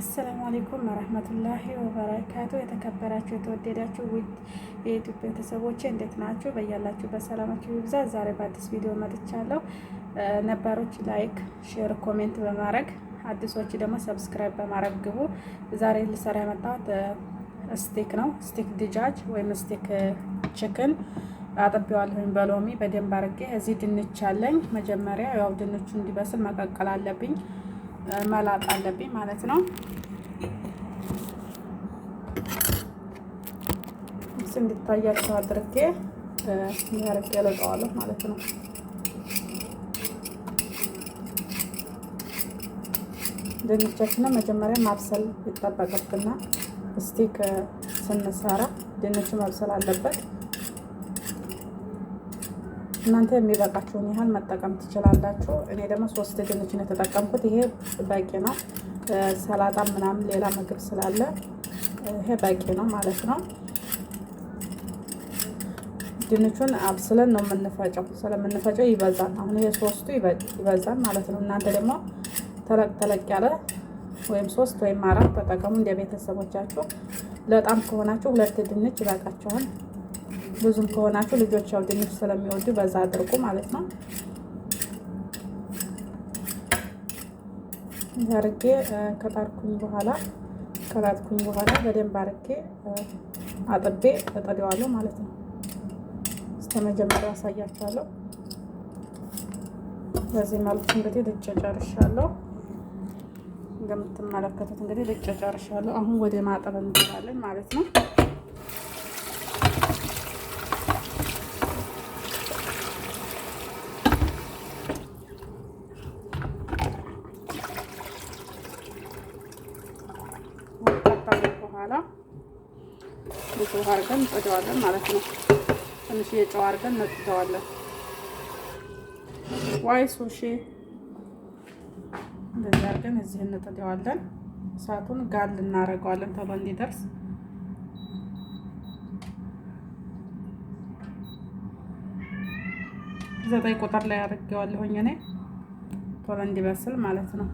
አሰላሙ አሌይኩም ወረህመቱላሂ ወበረካቱ። የተከበራችሁ የተወደዳችሁ ውድ የኢትዮጵያ ቤተሰቦች እንዴት ናችሁ? በያላችሁበት ሰላማችሁ ይብዛ። ዛሬ በአዲስ ቪዲዮ መጥቻለሁ። ነባሮች ላይክ፣ ሼር፣ ኮሜንት በማድረግ አዲሶች ደግሞ ሰብስክራይብ በማድረግ ግቡ። ዛሬ ልሰራ የመጣሁት ስቲክ ነው። ስቲክ ድጃጅ ወይም ስቲክ ችክን አጥቤዋለሁኝ በሎሚ በደንብ አድርጌ። እዚህ ድንች አለኝ። መጀመሪያ ያው ድንቹ እንዲበስል መቀቀል አለብኝ። መላጥ አለብኝ ማለት ነው። ስ እንዲታያቸው አድርጌ እንዲያርጌ ለቀዋለሁ ማለት ነው። ድንቻችንን መጀመሪያ ማብሰል ይጠበቅብናል። እስቲ ስንሰራ ድንቹ መብሰል አለበት። እናንተ የሚበቃችሁን ያህል መጠቀም ትችላላችሁ። እኔ ደግሞ ሶስት ድንች ነው የተጠቀምኩት። ይሄ በቂ ነው። ሰላጣ ምናምን ሌላ ምግብ ስላለ ይሄ በቂ ነው ማለት ነው። ድንቹን አብስለን ነው የምንፈጨው። ስለምንፈጨው ይበዛል። አሁን ይሄ ሶስቱ ይበዛል ማለት ነው። እናንተ ደግሞ ተለቅ ተለቅ ያለ ወይም ሶስት ወይም አራት ተጠቀሙ እንደ ቤተሰቦቻችሁ። ለጣም ከሆናችሁ ሁለት ድንች ይበቃችኋል። ብዙም ከሆናችሁ ልጆች ያው ድንች ስለሚወዱ በዛ አድርጉ ማለት ነው። አርጌ ከጣርኩኝ በኋላ ከላጥኩኝ በኋላ በደንብ አርጌ አጥቤ እጠዲዋለሁ ማለት ነው። እስከ መጀመሪያ አሳያችኋለሁ። በዚህ መልኩ እንግዲህ ልጭ ጨርሻለሁ። እንደምትመለከቱት እንግዲህ ልጭ ጨርሻለሁ። አሁን ወደ ማጠብ እንገባለን ማለት ነው። ውሃ አድርገን እንጠደዋለን ማለት ነው። ትንሽ የጨው አድርገን እንጠደዋለን። ዋይ ሱሺ እንደዚህ አድርገን እዚህ እንጠደዋለን። እሳቱን ጋል እናደርገዋለን ቶሎ እንዲደርስ ዘጠኝ ቁጥር ላይ አድርጌዋለሁኝ እኔ ቶሎ እንዲበስል ማለት ነው።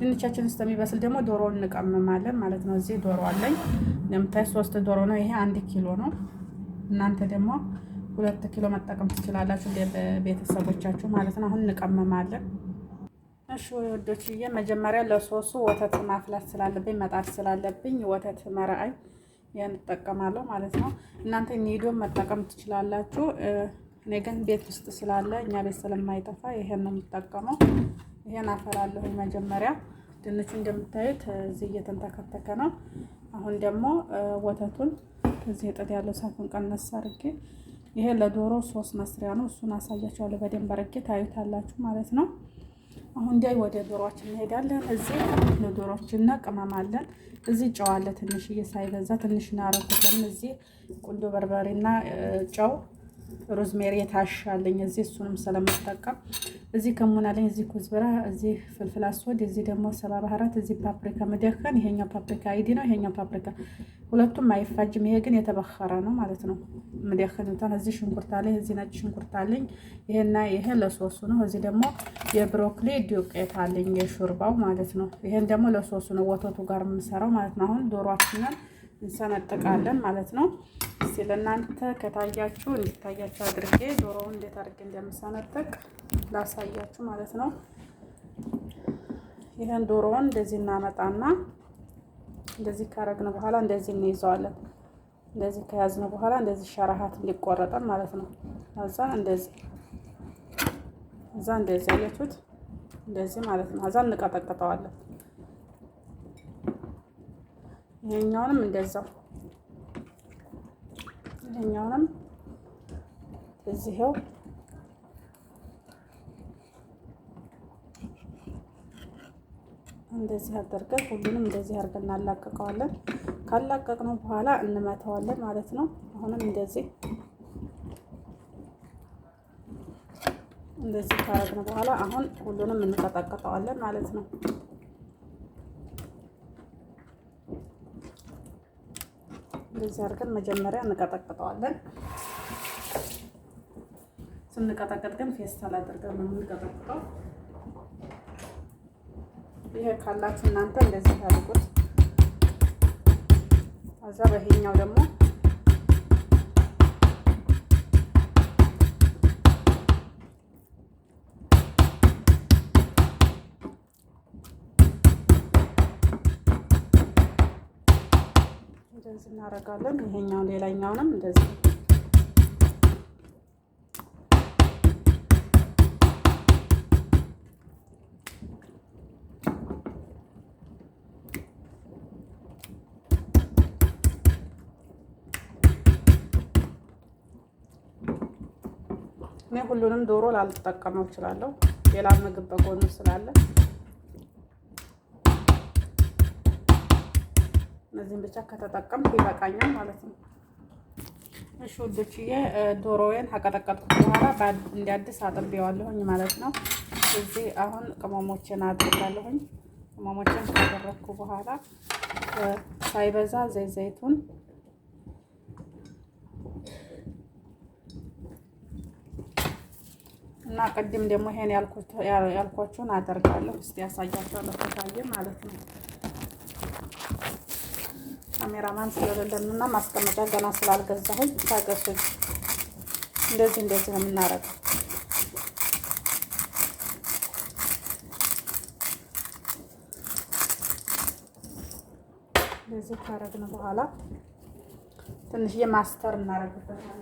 ድንቻችን ውስጥ የሚበስል ደግሞ ዶሮ እንቀምማለን ማለት ነው። እዚህ ዶሮ አለኝ። እንደምታይ ሶስት ዶሮ ነው። ይሄ አንድ ኪሎ ነው። እናንተ ደግሞ ሁለት ኪሎ መጠቀም ትችላላችሁ፣ ቤተሰቦቻችሁ ማለት ነው። አሁን እንቀመማለን። እሺ ወዶችዬ፣ መጀመሪያ ለሶሱ ወተት ማፍላት ስላለብኝ መጣድ ስላለብኝ ወተት መራአይ እንጠቀማለሁ ማለት ነው። እናንተ ኒዶን መጠቀም ትችላላችሁ። እኔ ግን ቤት ውስጥ ስላለ እኛ ቤት ስለማይጠፋ ይሄን ነው የምጠቀመው። ይሄን አፈላለሁ መጀመሪያ። ድንቹ እንደምታዩት እዚህ እየተንተከተከ ነው። አሁን ደግሞ ወተቱን እዚህ እጥድ ያለው ሳፉን ቀነስ አድርጌ ይሄ ለዶሮ ሶስት መስሪያ ነው። እሱን አሳያቸዋለሁ በደንብ አድርጌ ታዩታላችሁ ማለት ነው። አሁን እንዲያይ ወደ ዶሮችን እንሄዳለን። እዚህ ለዶሮችን እና ቅመም አለን። እዚህ ጨው አለ ትንሽዬ፣ ሳይበዛ ትንሽ እናረጉት። ለምን እዚህ ቁንዶ በርበሬና ጨው ሮዝሜሪ የታሻለኝ እዚህ እሱንም ስለምጠቀም እዚህ ከሙን አለኝ፣ እዚህ ኩዝብራ፣ እዚህ ፍልፍል አስወድ፣ እዚህ ደግሞ ሰባ ባህራት፣ እዚህ ፓፕሪካ ምደከን። ይሄኛው ፓፕሪካ አይዲ ነው። ይሄኛው ፓፕሪካ ሁለቱም አይፋጅም። ይሄ ግን የተበኸረ ነው ማለት ነው። ምደከን እንትን እዚህ ሽንኩርት አለኝ፣ እዚህ ነጭ ሽንኩርት አለኝ። ይሄና ይሄ ለሶሱ ነው። እዚህ ደግሞ የብሮኮሊ ዱቄት አለኝ፣ የሹርባው ማለት ነው። ይሄን ደግሞ ለሶሱ ነው፣ ወተቱ ጋር የምሰራው ማለት ነው። አሁን ዶሮአችንን እንሰነጥቃለን ማለት ነው። እስኪ ለእናንተ ከታያችሁ እንዲታያችሁ አድርጌ ዶሮውን እንዴት አድርጌ እንደምሰነጥቅ ላሳያችሁ ማለት ነው። ይህን ዶሮውን እንደዚህ እናመጣና እንደዚህ ካረግን በኋላ እንደዚህ እንይዘዋለን። እንደዚህ ከያዝን በኋላ እንደዚህ ሸራሃት እንዲቆረጠን ማለት ነው። እዛ እንደዚህ እዛ እንደዚህ አያችሁት፣ እንደዚህ ማለት ነው። እዛ እንቀጠቅጠዋለን። ይሄኛውንም እንደዛው ይሄኛውንም እዚህው እንደዚህ አድርገን ሁሉንም እንደዚህ አድርገን እናላቀቀዋለን። ካላቀቅነው በኋላ እንመተዋለን ማለት ነው። አሁንም እንደዚህ እንደዚህ ካረግነው በኋላ አሁን ሁሉንም እንቀጠቅጠዋለን ማለት ነው። እንደዚህ አድርገን መጀመሪያ እንቀጠቅጠዋለን። ስንቀጠቅጥ ግን ፌስታል አድርገን ነው የምንቀጠቅጠው። ይሄ ካላችሁ እናንተ እንደዚህ አድርጉት። ከዛ በይሄኛው ደግሞ እንደዚህ እናደርጋለን። ይሄኛውን ሌላኛውንም እንደዚህ እኔ ሁሉንም ዶሮ ላልጠቀመው እችላለሁ። ሌላ ምግብ በጎኑ ስላለ እነዚህን ብቻ ከተጠቀምኩ ይበቃኛል ማለት ነው። እሺ ውዶችዬ ዶሮዬን ከቀጠቀጥኩት በኋላ እንደ አዲስ አጥቤዋለሁኝ ማለት ነው። እዚህ አሁን ቅመሞችን አድርጋለሁኝ። ቅመሞችን ካደረግኩ በኋላ ሳይበዛ ዘይት ዘይቱን እና ቅድም ደግሞ ይሄን ያልኳችሁን አደርጋለሁ። እስቲ ያሳያቸው ከታየ ማለት ነው። ካሜራማን ስለሌለንና ማስቀመጫ ገና ስላልገዛሁኝ ታገሱኝ። እንደዚህ እንደዚህ ነው የምናደርገው። እንደዚህ ካረግን በኋላ ትንሽዬ ማስተር እናረግበታለን።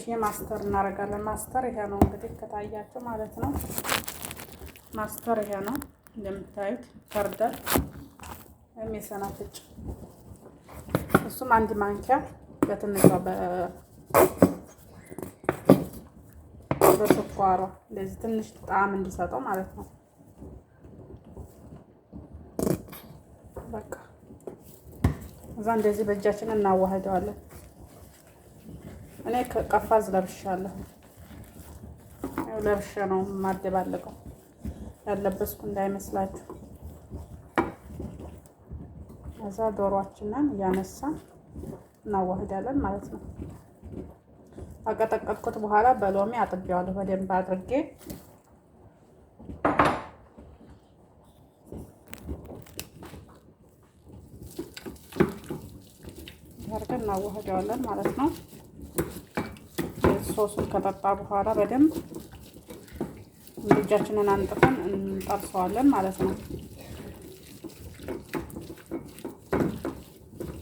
ትንሽ ማስተር እናደርጋለን። ማስተር ይሄ ነው እንግዲህ ከታያቸው ማለት ነው። ማስተር ይሄ ነው እንደምታዩት ፈርደር ወይም የሰናፍጭ እሱም አንድ ማንኪያ በትንሿ በስኳሯ እንደዚህ ትንሽ ጣዕም እንዲሰጠው ማለት ነው። በቃ እዛ እንደዚህ በእጃችን እናዋህደዋለን። እኔ ቀፋዝ ለብሻለሁ። ለብሻ ነው የማደባለቀው ያለበስኩ እንዳይመስላችሁ። ከዛ ዶሯችንን እያነሳ እናዋህዳለን ማለት ነው። አቀጠቀጥኩት በኋላ በሎሚ አጥቤዋለሁ በደንብ አድርጌ እናዋህደዋለን ማለት ነው። ሶሱን ከጠጣ በኋላ በደንብ ምድጃችንን አንጥፈን እንጠብሰዋለን ማለት ነው።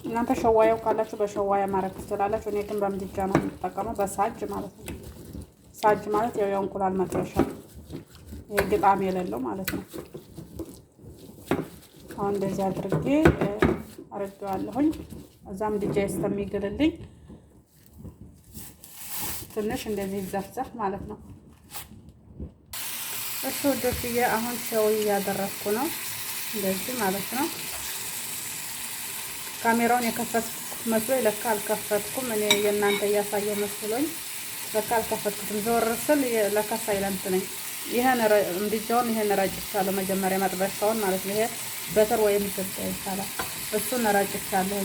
እናንተ ሸዋያው ካላችሁ በሸዋያ ማድረግ ትችላላችሁ። እኔ ግን በምድጃ ነው የምጠቀመው፣ በሳጅ ማለት ነው። ሳጅ ማለት ያው የእንቁላል መጥበሻ ይህ ግጣም የሌለው ማለት ነው። አሁን እንደዚህ አድርጌ አረገዋለሁኝ። እዛ ምድጃ እስከሚግልልኝ ትንሽ እንደዚህ ይዘፍዘፍ ማለት ነው። እሺ ውዶችዬ አሁን ሸው እያደረግኩ ነው፣ እንደዚህ ማለት ነው። ካሜራውን የከፈትኩ መስሎ ለካ አልከፈትኩም። እኔ የእናንተ እያሳየው መስሎኝ ለካ አልከፈትኩትም። ዘወር ስል ለካ ሳይለንት ነኝ። ይሄን እምድጃውን ይሄን ረጭቻለሁ፣ መጀመሪያ መጥበሻውን ማለት ነው። ይሄ በትር ወይም ድርጫ ይባላል። እሱን ረጭቻለሁ።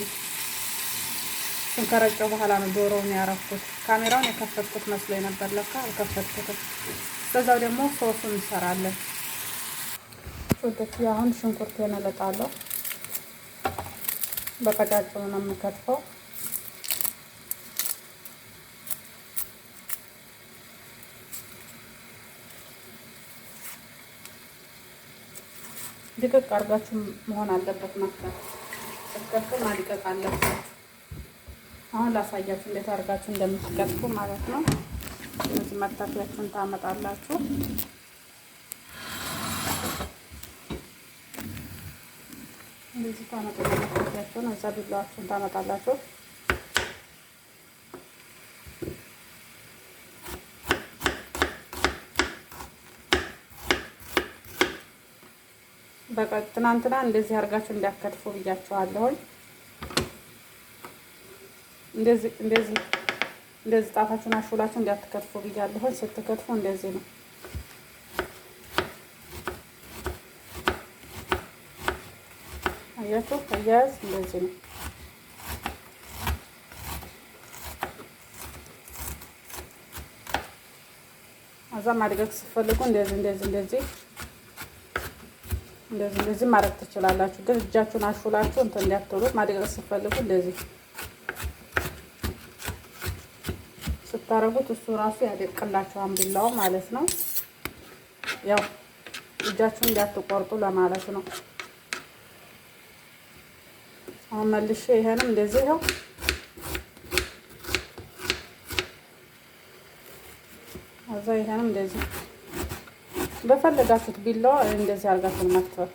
እሱን ከረጨው በኋላ ነው ዶሮውን ያረኩት። ካሜራውን የከፈትኩት መስሎ ነበር፣ ለካ አልከፈትኩትም። በዛው ደግሞ ሶሱ እንሰራለን። ውዶች አሁን ሽንኩርት እነለጣለሁ። በቀጫጭኑ ነው የምከትፈው። ድቅቅ አድርጋችሁ መሆን አለበት መክተፍ። እስከፍም ማድቀቅ አለበት አሁን ላሳያችሁ እንዴት አድርጋችሁ እንደምትከትፉ ማለት ነው። እነዚህ መክተፊያችሁን ታመጣላችሁ። እንደዚህ ታመጡ እዛ ቢላዋችሁን ታመጣላችሁ። በቃ ትናንትና እንደዚህ አድርጋችሁ እንዲያከትፉ ብያችኋለሁኝ። እንደዚህ እንደዚህ እንደዚህ ጣታችሁን አሹላችሁ እንዳትከትፉ ብያለሁኝ። ስትከትፉ እንደዚህ ነው። አያችሁ አያያዝ እንደዚህ ነው። እዛ ማድረግ ስትፈልጉ እንደዚህ እንደዚህ እንደዚህ እንደዚህ እንደዚህ ማድረግ ትችላላችሁ። ግን እጃችሁን አሹላችሁ እንትን እንዳትሉ ማድረግ ስትፈልጉ እንደዚህ ስታረጉት እሱ ራሱ ያደቅላችኋል ቢላው ማለት ነው። ያው እጃችሁን እንዳትቆርጡ ለማለት ነው። አሁን መልሼ ይሄንም እንደዚህ ነው እዛ ይሄንም እንደዚህ በፈለጋችሁት ቢላው እንደዚህ አድርጋችሁ መክተፍ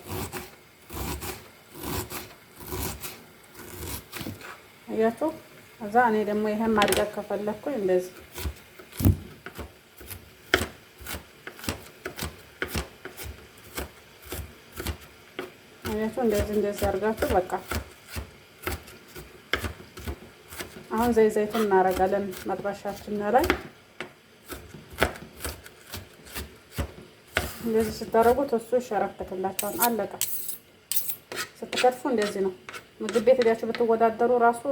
እያችሁ እዛ እኔ ደግሞ ይሄን ማድረግ ከፈለኩኝ እንደዚህ አድርጋችሁ እንደዚህ እንደዚህ አድርጋችሁ በቃ አሁን ዘይ ዘይቱን እናደርጋለን መጥበሻችን ላይ እንደዚህ ስታደርጉት እሱ ይሸረክትላችኋል። አለቀ። ስትከትፉ እንደዚህ ነው። ምግብ ቤት ሄዳችሁ ብትወዳደሩ ራሱ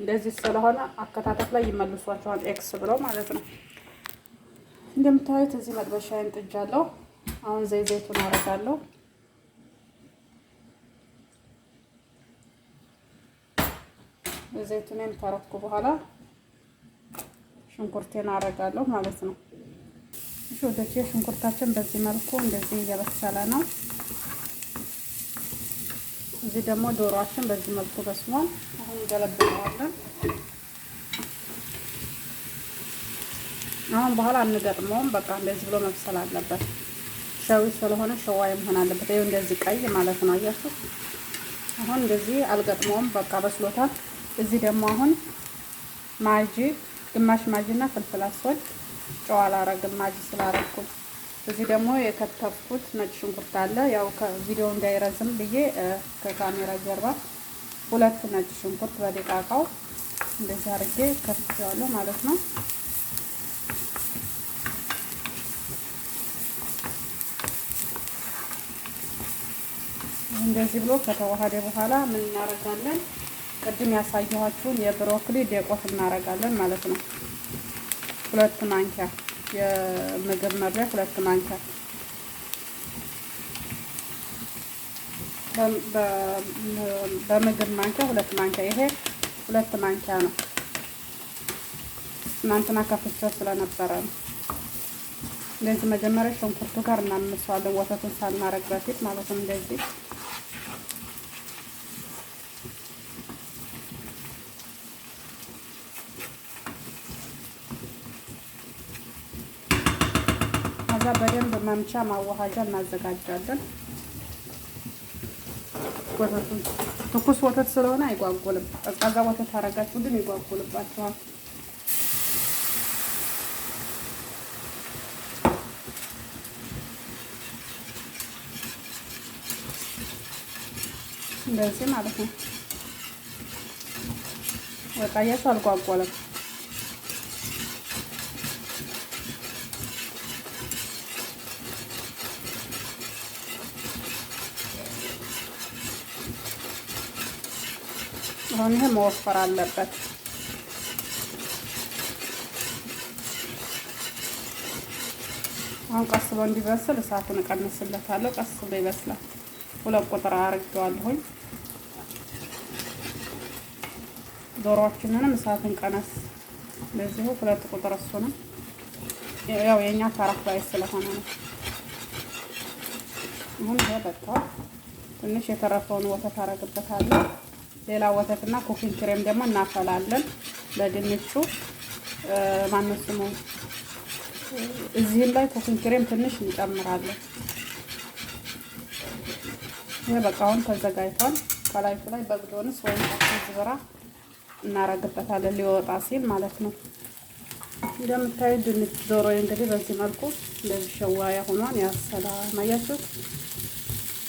እንደዚህ ስለሆነ አከታተፍ ላይ ይመልሷቸዋል። ኤክስ ብለው ማለት ነው። እንደምታዩት እዚህ መጥበሻ ጥጃለሁ። አሁን ዘይ ዘይቱን አደርጋለሁ። ዘይቱንን ተረኩ በኋላ ሽንኩርቴን አረጋለሁ ማለት ነው። እሺ ወደቼ ሽንኩርታችን በዚህ መልኩ እንደዚህ እየበሰለ ነው። እዚህ ደግሞ ዶሮአችን በዚህ መልኩ በስሟል። አሁን እንገለብጠዋለን። አሁን በኋላ አንገጥመውም። በቃ እንደዚህ ብሎ መብሰል አለበት። ሸዊ ስለሆነ ሸዋይ መሆን አለበት። ይኸው እንደዚህ ቀይ ማለት ነው። አያችሁ አሁን እንደዚህ አልገጥመውም። በቃ በስሎታል። እዚህ ደግሞ አሁን ማጂ ግማሽ ማጂና ፍልፍል አስወድ ጨው አላረግም ማጂ ስላረግኩት። እዚህ ደግሞ የከተፍኩት ነጭ ሽንኩርት አለ። ያው ከቪዲዮ እንዳይረዝም ብዬ ከካሜራ ጀርባ ሁለት ነጭ ሽንኩርት በደቃቃው እንደዚህ አድርጌ ከትቼዋለሁ ማለት ነው። እንደዚህ ብሎ ከተዋሃደ በኋላ ምን እናደርጋለን? ቅድም ያሳየኋችሁን የብሮኮሊ ዴቆት እናደርጋለን ማለት ነው። ሁለት ማንኪያ የምግብ መብያ ሁለት ማንኪያ በምግብ ማንኪያ ሁለት ማንኪያ ይሄ ሁለት ማንኪያ ነው። ትናንትና ከፍቼው ስለነበረ ነው። እንደዚህ መጀመሪያ ሽንኩርቱ ጋር እናምሰዋለን፣ ወተቱን ሳናረግ በፊት ማለት ነው እንደዚህ ማምቻ ማዋሃጃ እናዘጋጃለን። ትኩስ ወተት ስለሆነ አይጓጉልም። ቀዝቃዛ ወተት አረጋችሁ ግን ይጓጉልባችኋል። እንደዚህ ማለት ነው። ወጣ አልጓጓለም። አሁን ይሄ መወፈር አለበት። አሁን ቀስ ብሎ እንዲበስል እሳቱን እቀንስለታለሁ። ቀስ ብሎ ይበስላል። ሁለት ቁጥር አርጌዋለሁኝ። ዶሮዎችንንም እሳቱን ቀነስ ለዚሁ ሁለት ቁጥር እሱንም ያው የኛ ታራፍ ላይ ስለሆነ ነው። አሁን ይሄ በቃ ትንሽ የተረፈውን ወተት አረግበታለሁ። ሌላ ወተትና ኩኪንግ ክሬም ደግሞ እናፈላለን ለድንቹ ማነስሙ። እዚህም ላይ ኩኪንግ ክሬም ትንሽ እንጨምራለን። ይህ በቃ አሁን ተዘጋጅቷል። ከላይቱ ላይ በግዶንስ ወይም ዝራ እናረግበታለን ሊወጣ ሲል ማለት ነው። እንደምታዩ ድንች ዶሮ እንግዲህ በዚህ መልኩ እንደዚህ ሸዋያ ሆኗን ያሰላ ማያችሁት፣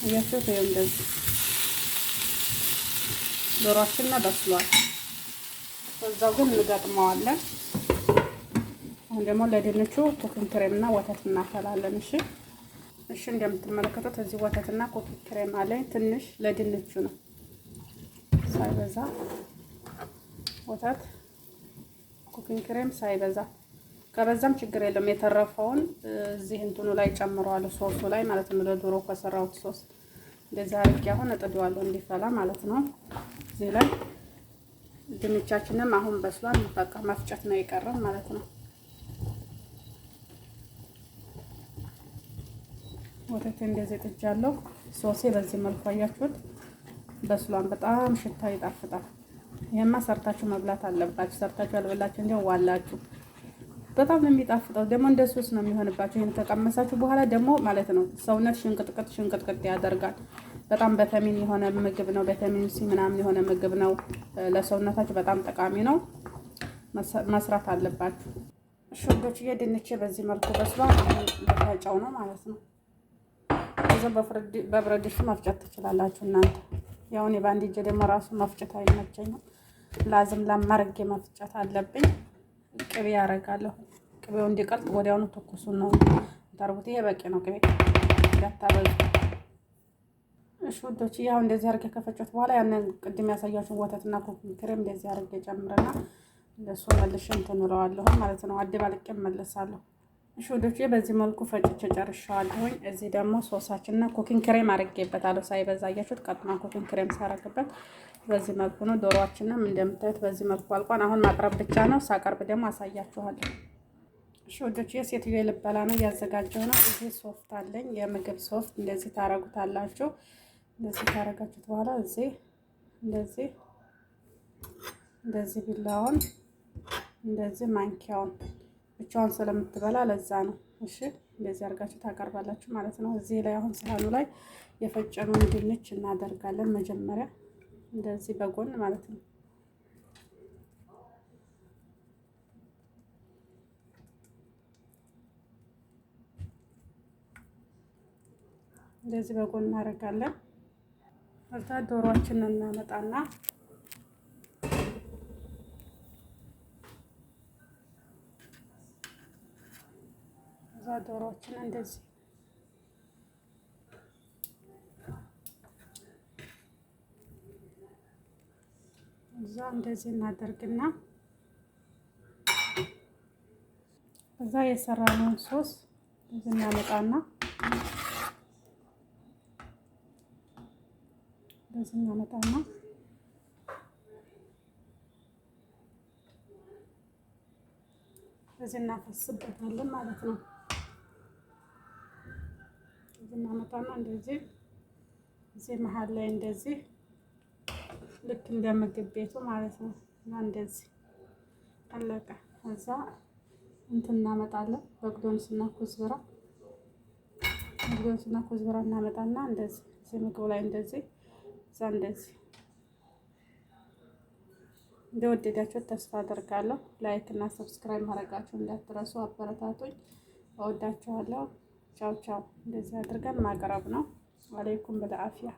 አያችሁት ወይም እንደዚህ ዶሯችን በስሏል። በዛው ግን እንገጥመዋለን። አሁን ደግሞ ለድንቹ ኩኪንግ ክሬምና ወተት እናፈላለን። እሺ እሺ፣ እንደምትመለከቱት እዚህ ወተትና ኩኪንግ ክሬም አለኝ። ትንሽ ለድንቹ ነው፣ ሳይበዛ ወተት ኩኪንግ ክሬም ሳይበዛ ከበዛም ችግር የለም። የተረፈውን እዚህ እንትኑ ላይ ጨምረዋለሁ፣ ሶሱ ላይ ማለት ነው። ለዶሮ ከሰራሁት ሶስ እንደዚህ አድርጌ አሁን እጥደዋለሁ እንዲፈላ ማለት ነው። ጊዜ ላይ ድንቻችንም አሁን በስሏል። በቃ መፍጨት ነው የቀረን ማለት ነው። ወተት እንደዚህ ጥጃለሁ። ሶሴ በዚህ መልኩ አያችሁት በስሏን። በጣም ሽታ ይጣፍጣል። ይሄማ ሰርታችሁ መብላት አለባችሁ። ሰርታችሁ አልበላችሁ እንዲያው ዋላችሁ። በጣም ነው የሚጣፍጠው። ደግሞ እንደ ሶስ ነው የሚሆንባችሁ። ይህን ከቀመሳችሁ በኋላ ደግሞ ማለት ነው ሰውነት ሽንቅጥቅጥ ሽንቅጥቅጥ ያደርጋል። በጣም በተሚን የሆነ ምግብ ነው። በተሚን ሲ ምናምን የሆነ ምግብ ነው። ለሰውነታችሁ በጣም ጠቃሚ ነው። መስራት አለባችሁ። ሽንኩርት ድንቼ በዚህ መልኩ በስሏል። በታጫው ነው ማለት ነው። ከዛ በብረት ድስት መፍጨት ትችላላችሁ እናንተ። ያው እኔ በአንድ እጄ ደግሞ ራሱ መፍጨት አይመቸኝም። ላዝም ለማርጌ መፍጨት አለብኝ። ቅቤ ያደርጋለሁ። ቅቤው እንዲቀልጥ ወዲያውኑ ትኩሱን ነው ታርጉት። ይሄ በቂ ነው። ቅቤ እንዳታበዙ እሺ ውዶች ያው እንደዚህ አድርጌ ከፈጨሁት በኋላ ያንን ቅድም ያሳያችሁን ወተትና ኩኪንግ ክሬም እንደዚህ አድርጌ ጨምርና እንደሱ መልሼ እንትን እለዋለሁ ማለት ነው። አደባልቄ እመለሳለሁ። እሺ ውዶች በዚህ መልኩ ፈጭቼ ጨርሻለሁኝ። እዚህ ደግሞ ሶሳችንና ኩኪንግ ክሬም አድርጌበታለሁ ሳይበዛ አያችሁት። ቀጥና ኩኪንግ ክሬም ሳረግበት በዚህ መልኩ ነው። ዶሮዋችንም እንደምታዩት በዚህ መልኩ አልቋን አሁን ማቅረብ ብቻ ነው። ሳቀርብ ደግሞ አሳያችኋለሁ። እሺ ወዶች የሴትዮ ልበላ ነው ያዘጋጀው ነው። እዚህ ሶፍት አለኝ የምግብ ሶፍት እንደዚህ ታረጉታላችሁ። እንደዚህ ካረጋችሁት በኋላ እዚህ እንደዚህ እንደዚህ ቢላውን እንደዚህ ማንኪያውን ብቻውን ስለምትበላ ለዛ ነው። እሺ እንደዚህ አድርጋችሁ ታቀርባላችሁ ማለት ነው። እዚህ ላይ አሁን ሳህኑ ላይ የፈጨነውን ድንች እናደርጋለን። መጀመሪያ እንደዚህ በጎን ማለት ነው። እንደዚህ በጎን እናደርጋለን። ከዛ ዶሮአችንን እናመጣና ከዛ ዶሮአችንን እንደዚህ እዛ እንደዚህ እናደርግና እዛ የሰራነውን ሶስ እዚህ እናመጣና እንደዚህ እናመጣና እዚህ እናፈስበታለን ማለት ነው። እዚህ እናመጣና እንደዚህ እዚህ መሀል ላይ እንደዚህ ልክ እንደ ምግብ ቤቱ ማለት ነው እና እንደዚህ አለቀ። ከዛ እንትን እናመጣለን በቅዶንስና ኮዝብራ በቅዶንስና ኮዝብራ እናመጣና እንደዚህ እዚህ ምግቡ ላይ እንደዚህ እዛ እንደዚህ ተስፋ አደርጋለሁ። ላይክ እና ሰብስክራይብ ማድረጋችሁ እንዳትረሱ። አበረታቶች እወዳችኋለሁ። ቻው ቻው። እንደዚህ አድርገን ማቅረብ ነው። አለይኩም በልአፍያ